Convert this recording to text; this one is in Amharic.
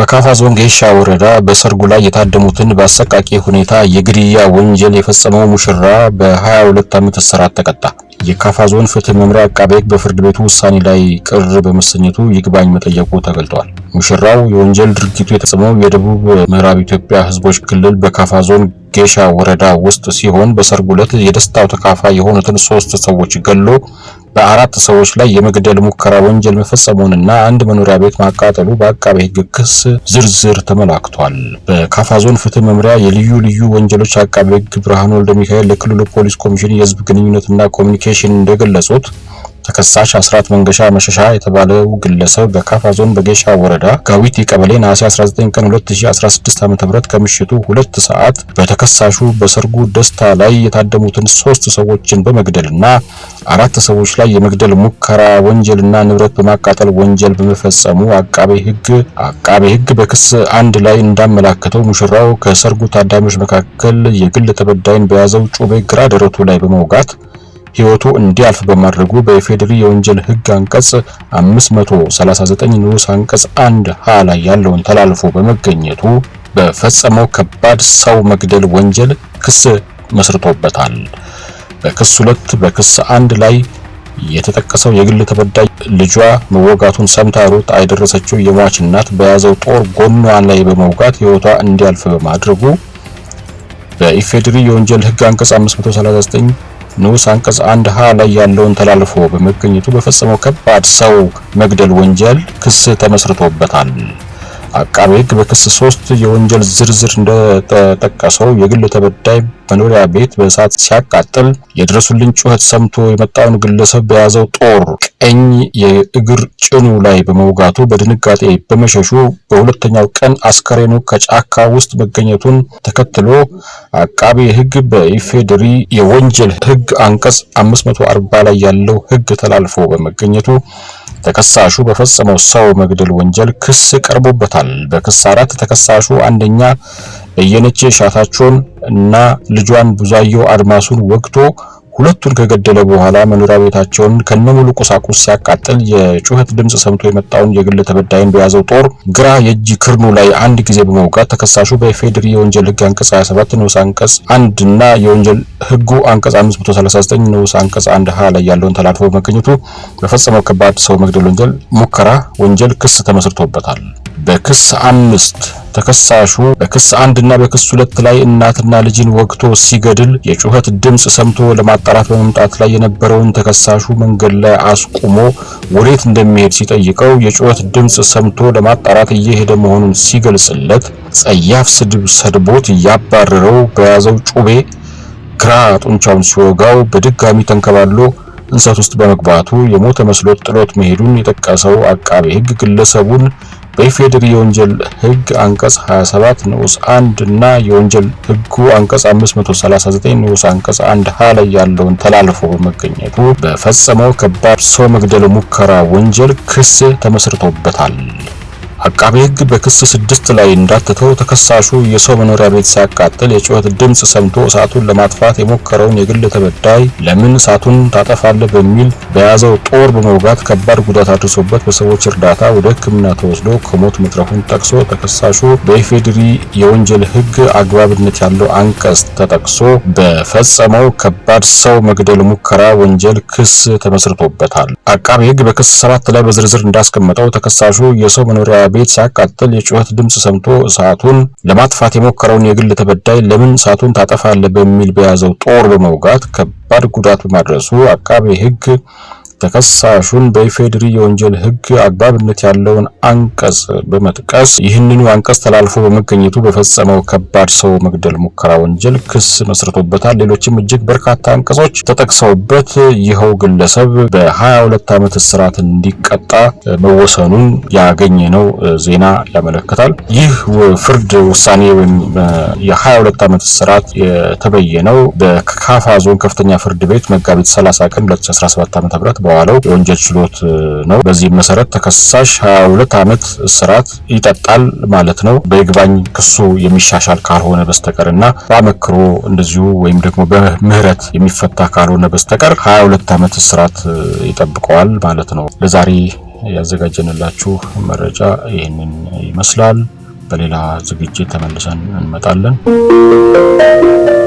በካፋ ዞን ጌሻ ወረዳ በሰርጉ ላይ የታደሙትን በአሰቃቂ ሁኔታ የግድያ ወንጀል የፈጸመው ሙሽራ በ22 ዓመት እስራት ተቀጣ። የካፋ ዞን ፍትህ መምሪያ አቃቤ ሕግ በፍርድ ቤቱ ውሳኔ ላይ ቅር በመሰኘቱ ይግባኝ መጠየቁ ተገልጧል። ሙሽራው የወንጀል ድርጊቱ የተፈጸመው የደቡብ ምዕራብ ኢትዮጵያ ሕዝቦች ክልል በካፋ ዞን ጌሻ ወረዳ ውስጥ ሲሆን በሰርጉ ዕለት የደስታው ተካፋይ የሆኑትን ሶስት ሰዎች ገሎ በአራት ሰዎች ላይ የመግደል ሙከራ ወንጀል መፈጸሙንና አንድ መኖሪያ ቤት ማቃጠሉ በአቃቤ ሕግ ክስ ዝርዝር ተመላክቷል። በካፋ ዞን ፍትህ መምሪያ የልዩ ልዩ ወንጀሎች አቃቤ ሕግ ብርሃኑ ወልደ ሚካኤል ለክልሉ ፖሊስ ኮሚሽን የህዝብ ግንኙነትና ኮሚኒኬሽን እንደገለጹት ተከሳሽ አስራት መንገሻ መሸሻ የተባለው ግለሰብ በካፋ ዞን በጌሻ ወረዳ ጋዊቲ ቀበሌ ነሐሴ 19 ቀን 2016 ዓ.ም ከምሽቱ ሁለት ሰዓት በተከሳሹ በሰርጉ ደስታ ላይ የታደሙትን ሶስት ሰዎችን በመግደልና አራት ሰዎች ላይ የመግደል ሙከራ ወንጀልና ንብረት በማቃጠል ወንጀል በመፈጸሙ አቃቤ ሕግ አቃቤ ሕግ በክስ አንድ ላይ እንዳመላከተው ሙሽራው ከሰርጉ ታዳሚዎች መካከል የግል ተበዳይን በያዘው ጩቤ ግራ ደረቱ ላይ በመውጋት ህይወቱ እንዲያልፍ በማድረጉ በኢፌዴሪ የወንጀል ህግ አንቀጽ 539 ንዑስ አንቀጽ 1 ሀ ላይ ያለውን ተላልፎ በመገኘቱ በፈጸመው ከባድ ሰው መግደል ወንጀል ክስ መስርቶበታል። በክስ 2 በክስ 1 ላይ የተጠቀሰው የግል ተበዳይ ልጇ መወጋቱን ሰምታ ሮጣ የደረሰችው የሟች እናት በያዘው ጦር ጎኗ ላይ በመውጋት ህይወቷ እንዲያልፍ በማድረጉ በኢፌዴሪ የወንጀል ህግ አንቀጽ 539 ንዑስ አንቀጽ አንድ ሀ ላይ ያለውን ተላልፎ በመገኘቱ በፈጸመው ከባድ ሰው መግደል ወንጀል ክስ ተመስርቶበታል። አቃቤ ሕግ በክስ ሶስት የወንጀል ዝርዝር እንደተጠቀሰው የግል ተበዳይ መኖሪያ ቤት በእሳት ሲያቃጥል የድረሱልኝ ጩኸት ሰምቶ የመጣውን ግለሰብ በያዘው ጦር ቀኝ የእግር ጭኑ ላይ በመውጋቱ በድንጋጤ በመሸሹ በሁለተኛው ቀን አስከሬኑ ከጫካ ውስጥ መገኘቱን ተከትሎ አቃቤ ሕግ በኢፌዴሪ የወንጀል ሕግ አንቀጽ 540 ላይ ያለው ሕግ ተላልፎ በመገኘቱ ተከሳሹ በፈጸመው ሰው መግደል ወንጀል ክስ ቀርቦበታል። በክስ አራት ተከሳሹ አንደኛ በየነቼ ሻታቸውን እና ልጇን ብዙአየሁ አድማሱን ወግቶ ሁለቱን ከገደለ በኋላ መኖሪያ ቤታቸውን ከነሙሉ ቁሳቁስ ሲያቃጥል የጩኸት ድምፅ ሰምቶ የመጣውን የግል ተበዳይን በያዘው ጦር ግራ የእጅ ክርኑ ላይ አንድ ጊዜ በመውጋት ተከሳሹ በኢፌዴሪ የወንጀል ህግ አንቀጽ 27 ንዑስ አንቀጽ አንድ እና የወንጀል ህጉ አንቀጽ 539 ንዑስ አንቀጽ አንድ ሀ ላይ ያለውን ተላልፎ በመገኘቱ በፈጸመው ከባድ ሰው መግደል ወንጀል ሙከራ ወንጀል ክስ ተመስርቶበታል። በክስ አምስት ተከሳሹ በክስ አንድና በክስ ሁለት ላይ እናትና ልጅን ወግቶ ሲገድል የጩኸት ድምፅ ሰምቶ ለማጣራት በመምጣት ላይ የነበረውን ተከሳሹ መንገድ ላይ አስቁሞ ወዴት እንደሚሄድ ሲጠይቀው የጩኸት ድምፅ ሰምቶ ለማጣራት እየሄደ መሆኑን ሲገልጽለት ጸያፍ ስድብ ሰድቦት እያባረረው በያዘው ጩቤ ግራ ጡንቻውን ሲወጋው በድጋሚ ተንከባሎ እንሰት ውስጥ በመግባቱ የሞተ መስሎት ጥሎት መሄዱን የጠቀሰው አቃቤ ሕግ ግለሰቡን በኢፌዴሪ የወንጀል ህግ አንቀጽ 27 ንዑስ 1 እና የወንጀል ህጉ አንቀጽ 539 ንዑስ አንቀጽ 1 ሀ ላይ ያለውን ተላልፎ በመገኘቱ በፈጸመው ከባድ ሰው መግደል ሙከራ ወንጀል ክስ ተመስርቶበታል። አቃቤ ሕግ በክስ ስድስት ላይ እንዳተተው ተከሳሹ የሰው መኖሪያ ቤት ሲያቃጥል የጩኸት ድምፅ ሰምቶ እሳቱን ለማጥፋት የሞከረውን የግል ተበዳይ ለምን እሳቱን ታጠፋለህ በሚል በያዘው ጦር በመውጋት ከባድ ጉዳት አድርሶበት በሰዎች እርዳታ ወደ ሕክምና ተወስዶ ከሞት መትረፉን ጠቅሶ ተከሳሹ በኢፌድሪ የወንጀል ሕግ አግባብነት ያለው አንቀጽ ተጠቅሶ በፈጸመው ከባድ ሰው መግደል ሙከራ ወንጀል ክስ ተመስርቶበታል። አቃቤ ሕግ በክስ ሰባት ላይ በዝርዝር እንዳስቀመጠው ተከሳሹ የሰው መኖሪያ ቤት ሲያቃጥል የጩኸት ድምፅ ሰምቶ እሳቱን ለማጥፋት የሞከረውን የግል ተበዳይ ለምን እሳቱን ታጠፋለህ በሚል በያዘው ጦር በመውጋት ከባድ ጉዳት በማድረሱ አቃቤ ሕግ ተከሳሹን በኢፌድሪ የወንጀል ህግ አግባብነት ያለውን አንቀጽ በመጥቀስ ይህንኑ አንቀጽ ተላልፎ በመገኘቱ በፈጸመው ከባድ ሰው መግደል ሙከራ ወንጀል ክስ መስርቶበታል። ሌሎችም እጅግ በርካታ አንቀጾች ተጠቅሰውበት ይኸው ግለሰብ በ22 ዓመት እስራት እንዲቀጣ መወሰኑን ያገኘ ነው ዜና ያመለክታል። ይህ ፍርድ ውሳኔ ወይም የ22 ዓመት እስራት የተበየነው በካፋ ዞን ከፍተኛ ፍርድ ቤት መጋቢት 30 ቀን 2017 ም በዋለው የወንጀል ችሎት ነው። በዚህም መሰረት ተከሳሽ 22 ዓመት እስራት ይጠጣል ማለት ነው በይግባኝ ክሱ የሚሻሻል ካልሆነ በስተቀር እና በአመክሮ እንደዚሁ ወይም ደግሞ በምህረት የሚፈታ ካልሆነ በስተቀር 22 ዓመት እስራት ይጠብቀዋል ማለት ነው። ለዛሬ ያዘጋጀንላችሁ መረጃ ይህንን ይመስላል። በሌላ ዝግጅት ተመልሰን እንመጣለን።